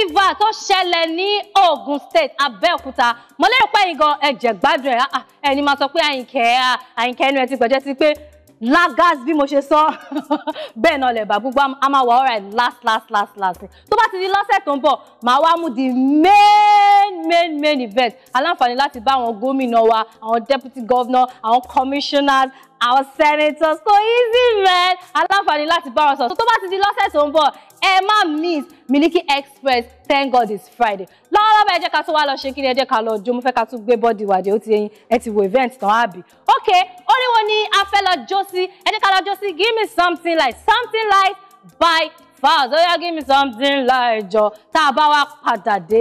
festival tó ṣẹlẹ̀ ní Ogun State Abẹ́òkúta mo lérò pé ẹ̀yin gan ẹ̀jẹ̀ gbádùn ẹ̀ ah, ah, ẹni máa sọ pé àyìnkẹ́ ah, àyìnkẹ́ ẹnu ẹ̀ ti gbọ̀jẹ́ sí pé lagas bí mo ṣe sọ bẹ́ẹ̀ náà lẹ̀ bá gbogbo a máa wà ọ̀rẹ́ last last last last tó bá ti di lọ́sẹ̀ tó ń bọ̀ màá wá mú di main main main event aláǹfààní láti bá àwọn gómìnà wa àwọn deputy governor àwọn commissioners àwọn senators so easy man aláǹfààní láti bá wọn sọ tó bá ti di lọ́sẹ̀ tó ń bọ̀ Emma má miss Miliki Express thank God it's Friday lọ́wọ́lọ́wọ́ bá ẹ jẹ́ ká tó wá lọ ṣe kí ni ẹ jẹ́ ká lọ jó mo fẹ́ ká tún gbé bọ́ọ̀dì wàdí ó ti yẹn ẹ ti wo event tán àbí ok oríwo ni a fẹ́ lọ jó sí ẹ jẹ́ ká lọ jó sí give me something like something like by Falz Oya give me something like jọ tá a bá wá padà dé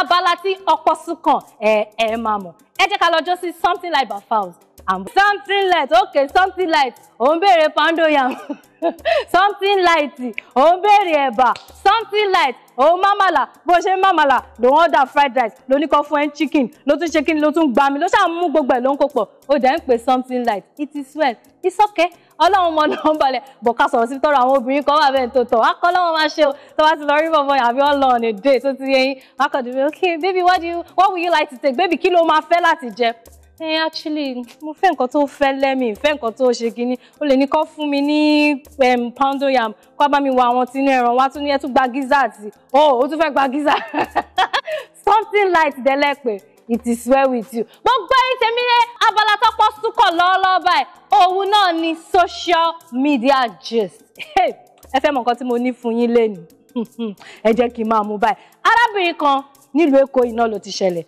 abala tí ọ̀pọ̀ sùn kàn ẹ ẹ máa mọ̀ ẹ jẹ́ ká lọ jó sí something like by Falz something light okay something light òun béèrè pando yam something light òun béèrè ẹ̀bà something light òun mámàlà bó ṣe ń mámàlà ló wọ́n dà fried rice ló ní kọ́ fún ẹ́ chicken ló tún ṣe kíni ló tún gbà mí ló ṣáà mú gbogbo ẹ̀ ló ń kó pọ̀ ó dẹ̀ ń pè something light it is well it's okay ọlọ́run mọ náà ń balẹ̀ bọ̀ ká sọ̀rọ̀ sí tọrọ àwọn obìnrin kan wà bẹ́ẹ̀ tó tọ̀ wá kọ́ lọ́wọ́ máa ṣe o tó bá ti lọ rí bọ̀bọ̀ àbí wọ́n lọ ọ̀nà èdè tó ti yẹ yín wákàtí ok baby what do you what would you like to take baby kí ló máa fẹ́ láti jẹ ẹ actually mo fẹ́ nǹkan tó fẹ́ lẹ́mì fẹ́ nǹkan tó ṣe kínní o lè ní kọ́ fún mi ní pound yam kó bá mi wọ àwọn tí inú ẹran wá tún ní ẹ tún gba gíza àti oh, o ò tún fẹ́ gba gíza something light dẹ́lẹ́pẹ̀ it is well with you. gbogbo ẹ̀yin tèmi rẹ abala tó pọ̀ súnkọ̀ lọ́wọ́lọ́wọ́ báyìí òun náà ni social media gist ẹ fẹ́ mọ̀ nǹkan tí mo ní fún yín lẹ́nu ẹ jẹ́ kí n máa mú báyìí arábìnrin kan nílùú èkó iná ló ti ṣẹlẹ̀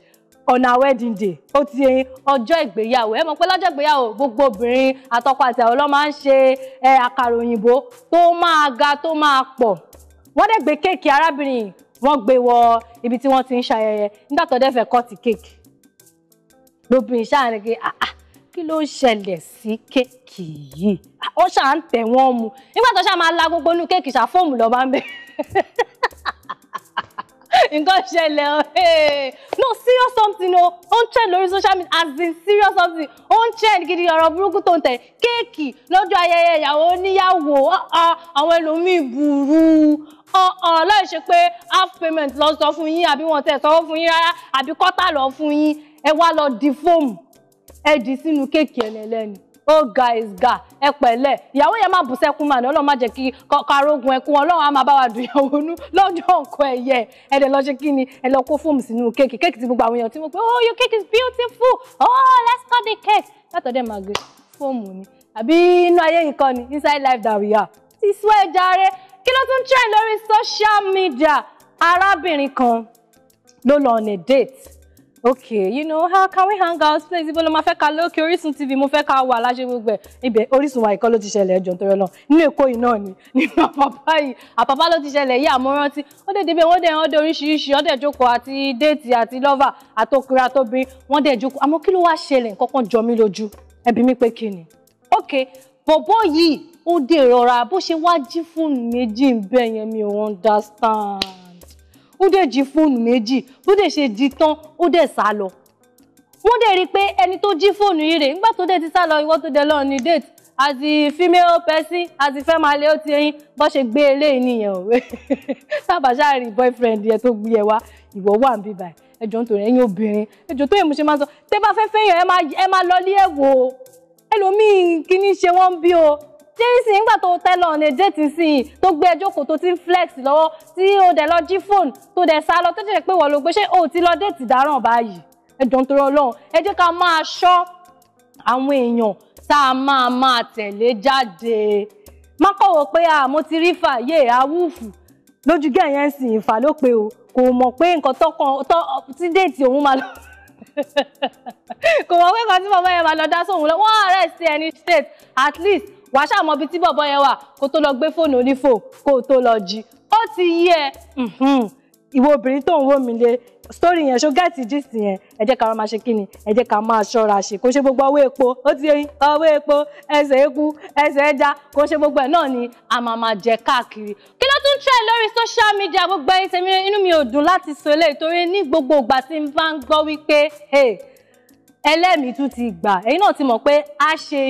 on our wedding day ó ti yẹn ọjọ́ ìgbéyàwó ẹ mọ̀ pé lọ́jọ́ ìgbéyàwó gbogbo obìnrin àtọkọ àtìyàwó ló máa ń ṣe àkàrà òyìnbó tó máa ga tó máa pọ̀ wọ́n dẹ̀ gbé kéèkì arábìnrin wọ́n gbé wọ ibi tí wọ́n ti ń ṣayẹyẹ nígbà tó dẹ̀ fẹ́ kọ́ọ̀tì kéèkì lóbìnrin ṣáà ní kí ah ah kí ló ṣẹlẹ̀ sí kéèkì yìí ah, ó ṣáà ń tẹ̀ wọ́n mu nígbà tó ṣáà máa la gbogbo inú kéèkì ṣàfóòmù lọ́ọ́ bá ń bẹ̀ nǹkan ṣẹlẹ̀ o oh, no serious something o oh. ó ń trend lórí social media as in serious something On trend gidi ọ̀rọ̀ burúkú tó ń tẹ̀ kéèkì lọ́jọ́ ayẹyẹ ìyàwó oníyàwó àwọn ẹlòmíì burú ọ̀ọ̀ láì ṣe pé half payment lọ sọ fún yín àbí wọn tẹ̀ sọ́wọ́ fún yín rárá àbí kọ́tà lọ fún yín ẹ wá lọ di fóòmù ẹ dì sínú kéèkì ẹlẹ́lẹ́ni ó oh, ga ìgà ẹ pẹ̀lẹ́ ìyàwó yẹn máa bù sẹ́kún màní ọlọ́run má jẹ́ kí karógun ẹkún ọlọ́run á máa bá wa dùn ìyàwó nú lọ́jọ́ nǹkan ẹ̀yẹ ẹ̀dẹ̀ lọ ṣe kí ni ẹ lọ kó fóòmù sínú kéèkì kéèkì tí gbogbo àwọn èèyàn tí mo pé oh your cake is beautiful oh let's cut the cake látọ̀dẹ̀ máa gbé fóòmù ni àbí inú ayé yìí kọ́ ni inside life that we are ti sú ẹ jàre kí ló tún trend lórí social media arábìnrin kan ló lọ on a date okay you know how can we hang out place ibo ló máa fẹ́ ka lókè Orísun TV mo fẹ́ ka wà láṣẹ gbogbo ẹ̀ ibẹ̀ Orísun wa ìkọ́ ló ti ṣẹlẹ̀ ẹjọ́ nítorí ọlọ́run nínú my papa. náà papa, nínú àpapá yìí àpapá ló ti they yìí what they ó dẹ̀ débẹ̀ wọ́n dẹ̀ wọ́n what oríṣiríṣi wọ́n dẹ̀ jókòó àti déètì àti lọ́và àtòkùnrin àtòbìnrin wọ́n dẹ̀ jókòó àmọ́ kí ló wá ṣẹlẹ̀ nǹkan jọ mí lójú ẹ bi mí pé kí ni okay bọ̀bọ́ yìí ó dèrọra bó ṣe wá jí fóònù méjì ń bẹ́ẹ̀ yẹn mi ò understand ó dẹ̀ jí fóònù méjì bó dẹ̀ ṣe jí tán ó dẹ̀ sá lọ wọ́n dẹ̀ rí i pé ẹni tó jí fóònù yìí rè nígbà tó dẹ̀ ti sá lọ ìwọ tó dẹ̀ lọ ní date àti female person àti fẹ́ máa lé ó ti ẹyin bọ́ ṣe gbé eléyìí e nìyẹn òwe sábàṣá rí boyfriend yẹn tó gbé ẹ e wá ìwọ wà ń bíbà ẹjọ ń tòrẹ ẹ̀yin obìnrin ẹjọ tó yẹ mo ṣe máa sọ tẹ́ bá fẹ́ fẹ́yàn ẹ máa lọ lé ẹ wò ó ẹlòmíín kí ní ṣe wọ́n bí o jẹ́rìsì nígbà tó tẹ́lọ̀ ní déètì sí i tó gbé ẹjọ́ kò tó ti ń flex lọ́wọ́ tí o dẹ̀ lọ jí fóònù tó dẹ̀ sá lọ tó jẹ́ pé wọ́n ló gbé ṣé o ti lọ déètì dáràn báyìí ẹ̀dùn tó rọlọ́run ẹ jẹ́ ká máa ṣọ́ àwọn èèyàn tá a máa máa tẹ̀lé jáde má kọ̀wọ́ pé a mo ti rí fàyè awúfù lójú gẹ̀yẹ́ ń sìn ìfà ló pe o kò mọ̀ pé nǹkan tọkàn tí déètì òun máa lọ kò mọ̀ pé nǹkan tí bàbá yẹn máa lọ dá sóhun lọ wọ́n arrest ẹni state at least wàá ṣàmọ ibi tí bọ̀bọ̀ yẹn wà kó tó lọ gbé fóònù onífò kó tó lọ jí ó ti yí ẹ ìwọ obìnrin tó ń wò mí lé story yẹn ṣó gẹ́ẹ̀tì gist yẹn ẹ jẹ́ ká máa ṣe kí ni ẹ jẹ́ ká máa ṣọ́ra ṣe kó ṣe gbogbo ọwọ́ epo ó ti yẹn ọwọ́ epo ẹsẹ̀ eku ẹsẹ̀ ẹja kó ṣe gbogbo ẹ̀ náà ni a máa máa jẹ káàkiri. kí ló tún trend lórí social media gbogbo ẹyin tèmi inú mi ò dùn láti sọ eléyìí torí ní gbogbo ìgbà tí n bá ń gbọ́ wípé ẹlẹ́mìí tún ti gbà ẹ̀yin náà ti mọ̀ pé a ṣe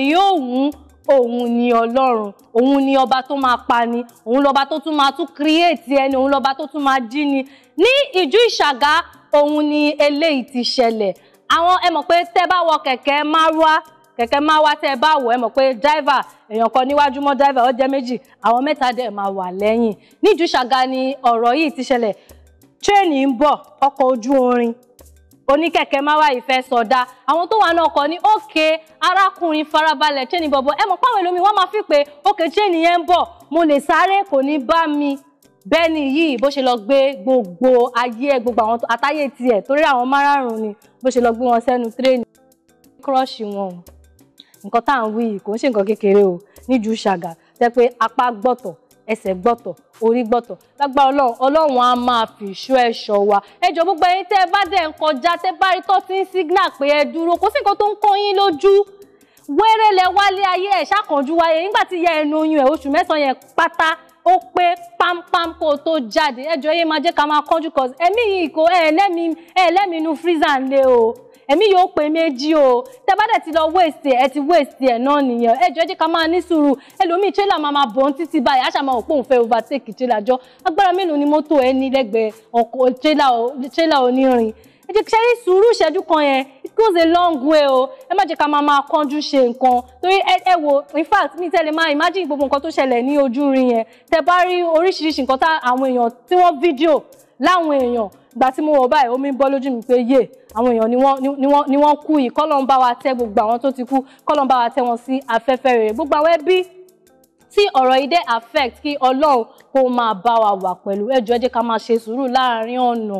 òun ni ọlọ́run òun ni ọba tó máa pani òun lọ́ba tó tún máa tún kírèètì ẹni òun lọ́ba tó tún máa jí ni ní ìjú ìṣàgá òun ni eléyìí ti ṣẹlẹ̀ àwọn ẹ mọ̀ pé tẹ́ bá wọ kẹ̀kẹ́ márúwá kẹ̀kẹ́ márúwá tẹ́ bá wọ̀ ẹ mọ̀ pé dáìvà èèyàn kan níwájú mọ́ dáìvà ó méjì àwọn mẹ́ta dẹ̀ máa wà lẹ́yìn ní ìjú ìṣàgá ni ọ̀rọ̀ yìí ti ṣẹlẹ̀ tírẹ́ẹ̀nì ń bọ̀ ọkọ̀ ojú orin oníkẹ̀kẹ́ máa wá ìfẹ́ sọ̀dá àwọn tó wà náà kọ ní òkè arákùnrin farabalẹ̀ chain bọ̀bọ̀ ẹ mọ̀ páwọn èlòmí wọ́n máa fi pé òkè chain yẹn ń bọ̀ mo lè sáré kò ní bá mi bẹ́ẹ̀ni yìí bó ṣe lọ gbé gbogbo ayé ẹ gbogbo àwọn àtàyè tiẹ̀ torí àwọn márààrún ni bó ṣe lọ gbé wọn sẹ́nu tírẹ́ẹ̀nì kírọ́ọ̀ṣì wọn nǹkan tá à ń wí kò ń ṣe nǹkan kékeré o níjú ṣàgà tẹ́ pé apá gbọ̀tọ̀ ẹsẹ̀ gbọ́tọ̀ orí gbọ́tọ̀ lágbára ọlọ́run ọlọ́run á máa fi ìṣó ẹ̀ṣọ́ wa ẹjọ́ gbogbo ẹ̀yin tẹ́ ẹ bá dẹ̀ ń kọjá tẹ́ bá rí tó ti ń sígínà pé ẹ dúró kò sí nǹkan tó ń kọ́ yín lójú wéré lẹ wálé ayé ẹ̀ ṣàkànjú wáyé nígbà tí ya ẹnu oyún ẹ̀ oṣù mẹ́sàn-án yẹn pátá ó pé pámpám kó o tó jáde ẹjọ́ yé máa jẹ́ ká máa kánjú cause ẹ̀mí yìí kò ẹ̀ẹ́lẹ́mi ẹ̀ẹ́lẹ́mi inú freezer ń lé o èmi yóò pè méjì o tẹ bá dẹ̀ ti lọ waste ẹ ti waste ẹ náà nìyẹn ẹ jọ̀ọ́ jẹ́ ká máa ní sùúrù ẹlòmíì trailer máa máa bọ̀ ń títí báyìí àṣà máa òpó òun fẹ́ overtake trailer jọ agbára mélòó ni mọ́tò ẹ ní lẹ́gbẹ̀ẹ́ ọkọ̀ trailer onírin ẹ jẹ́ kí ṣe rí sùúrù ìṣẹ́jú kan yẹn it goes a long way o ẹ má jẹ́ ká máa máa kánjú ṣe nǹkan torí ẹ wo in fact mi tẹ́lẹ̀ máa imagine gbogbo nǹkan tó ṣẹlẹ̀ ní ojú rin yẹn tẹ bá rí oríṣiríṣi nǹkan tá àwọn èèyàn tí wọ́n fídíò láwọn èèyàn ìgbà tí mo wọ̀ báyìí omi ń bọ́ lójú mi pé yé àwọn èèyàn ni wọ́n ni wọ́n ni wọ́n kú yìí kọ́lọ́n bá wa tẹ́ gbogbo àwọn tó ti kú kọ́lọ́n bá wa tẹ́ wọn sí afẹ́fẹ́ rere gbogbo àwọn ẹbí tí ọ̀rọ̀ yìí dé affect kí ọlọ́run kó máa bá wa wà pẹ̀lú ẹ jọ̀ọ́ ká máa ṣe sùúrù láàárín ọ̀nà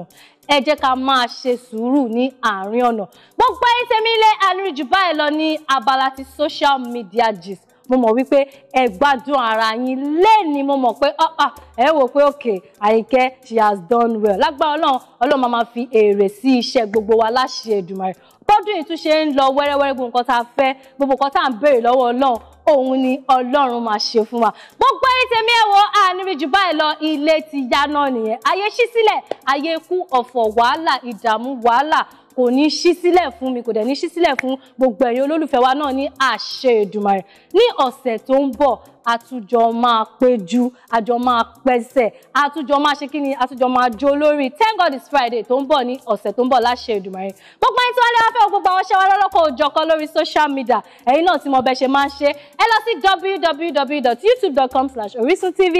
ẹ jẹ́ ká máa ṣe sùúrù ní àárín ọ̀nà gbogbo ayé tẹ́mi lé àlùjù báyìí lọ ní abala ti social media gist mo mọ̀ wípé ẹ gbádùn ara yín lẹ́ni mo mọ̀ pé ah, ah, ẹ wò pé òkè àyìnkẹ́ she has done well lágbára ọlọ́run ọlọ́run máa fi èrè sí iṣẹ́ gbogbo wa láṣẹ Èdùmàrè bọ́dún ìtúnṣe ń lọ wẹ́rẹ́wẹ́rẹ́ gbogbo nǹkan tá a fẹ́ gbogbo nǹkan tá à ń béèrè lọ́wọ́ ọlọ́run òun ni ọlọ́run máa ṣe fún wa gbogbo ẹ̀yin tèmi ẹ wò àníbi jù báyìí lọ ilé ti yá náà nìyẹn ayé ṣí sílẹ̀ ayé kú ọ̀fọ̀ wàhálà ìdààmú wàhálà kò ní ṣí sílẹ̀ fún mi kò dẹ̀ ní ṣí sílẹ̀ fún gbogbo ẹ̀yin olólùfẹ́ wa náà ní àṣẹ Èdùmàrè ní ọ̀sẹ̀ tó ń bọ̀ àtújọ máa péjú àjọ máa pẹ́sẹ̀ àtújọ máa ṣe kí ni àtújọ máa jó lórí thank god it's friday tó ń bọ̀ ní ọ̀sẹ̀ tó ń bọ̀ láṣẹ Èdùmàrè gbogbo ẹni tí wọ́n lé wá fẹ́ gbogbo àwọn ṣẹ́wá lọ́lọ́kọ̀ òjọ̀kan lórí social media ẹ̀yin náà tí mo bẹ ṣe máa ń ṣe ẹ lọ sí www.youtube.com/orisuntv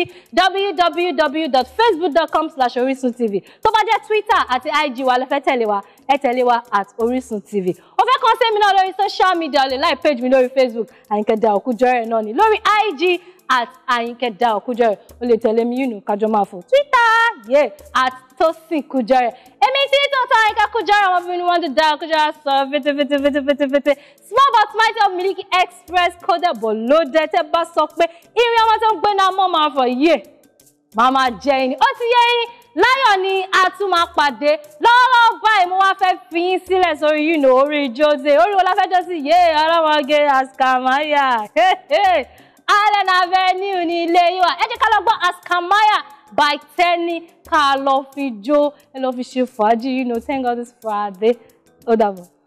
www.facebook.com/orisuntv tó bá jẹ́ twitter àti ig wa lẹ́fẹ́ tẹ̀lé wa ẹ tẹ̀lé wa at Orísun TV ó fẹ́ kàn sí mi náà lórí social media lè láì page mi lórí Facebook Àyìnkẹ́ Daòkújọ́rẹ̀ náà ni lórí IG at Àyìnkẹ́ Daòkújọ́rẹ̀ ó lè tẹ̀lé mi yìnyín kájọ máa fò Twitter yé at Tosin Kujore èmi tí tó tán Àyìnkẹ́ Kujore ọmọbìnrin wọn ti dá Kujore sọ̀rọ̀ fetefetefetefete small but mighty of Miliki Express kódà bọ̀ ló dé tẹ́ bá sọ pé irin ọmọ tó ń gbé náà mọ́ máa fọ̀ yé màmá jẹ́ yín ó ti yẹ yín láyọ̀ ni a tún máa pàdé lọ́wọ́lọ́wọ́ báyìí mo wá fẹ́ fi yín sílẹ̀ sórí yìí nù orí jose orí wo la fẹ́ jọ́sí yé ọlọ́mọge askamaya allen avenue ní ilé yìí wà ẹ jẹ́ ká lọ gbọ́ askamaya by tẹ́ni ká lọ fi jó ẹ lọ fi ṣe fàájì yìí nù thank God this Friday ó dàbọ̀.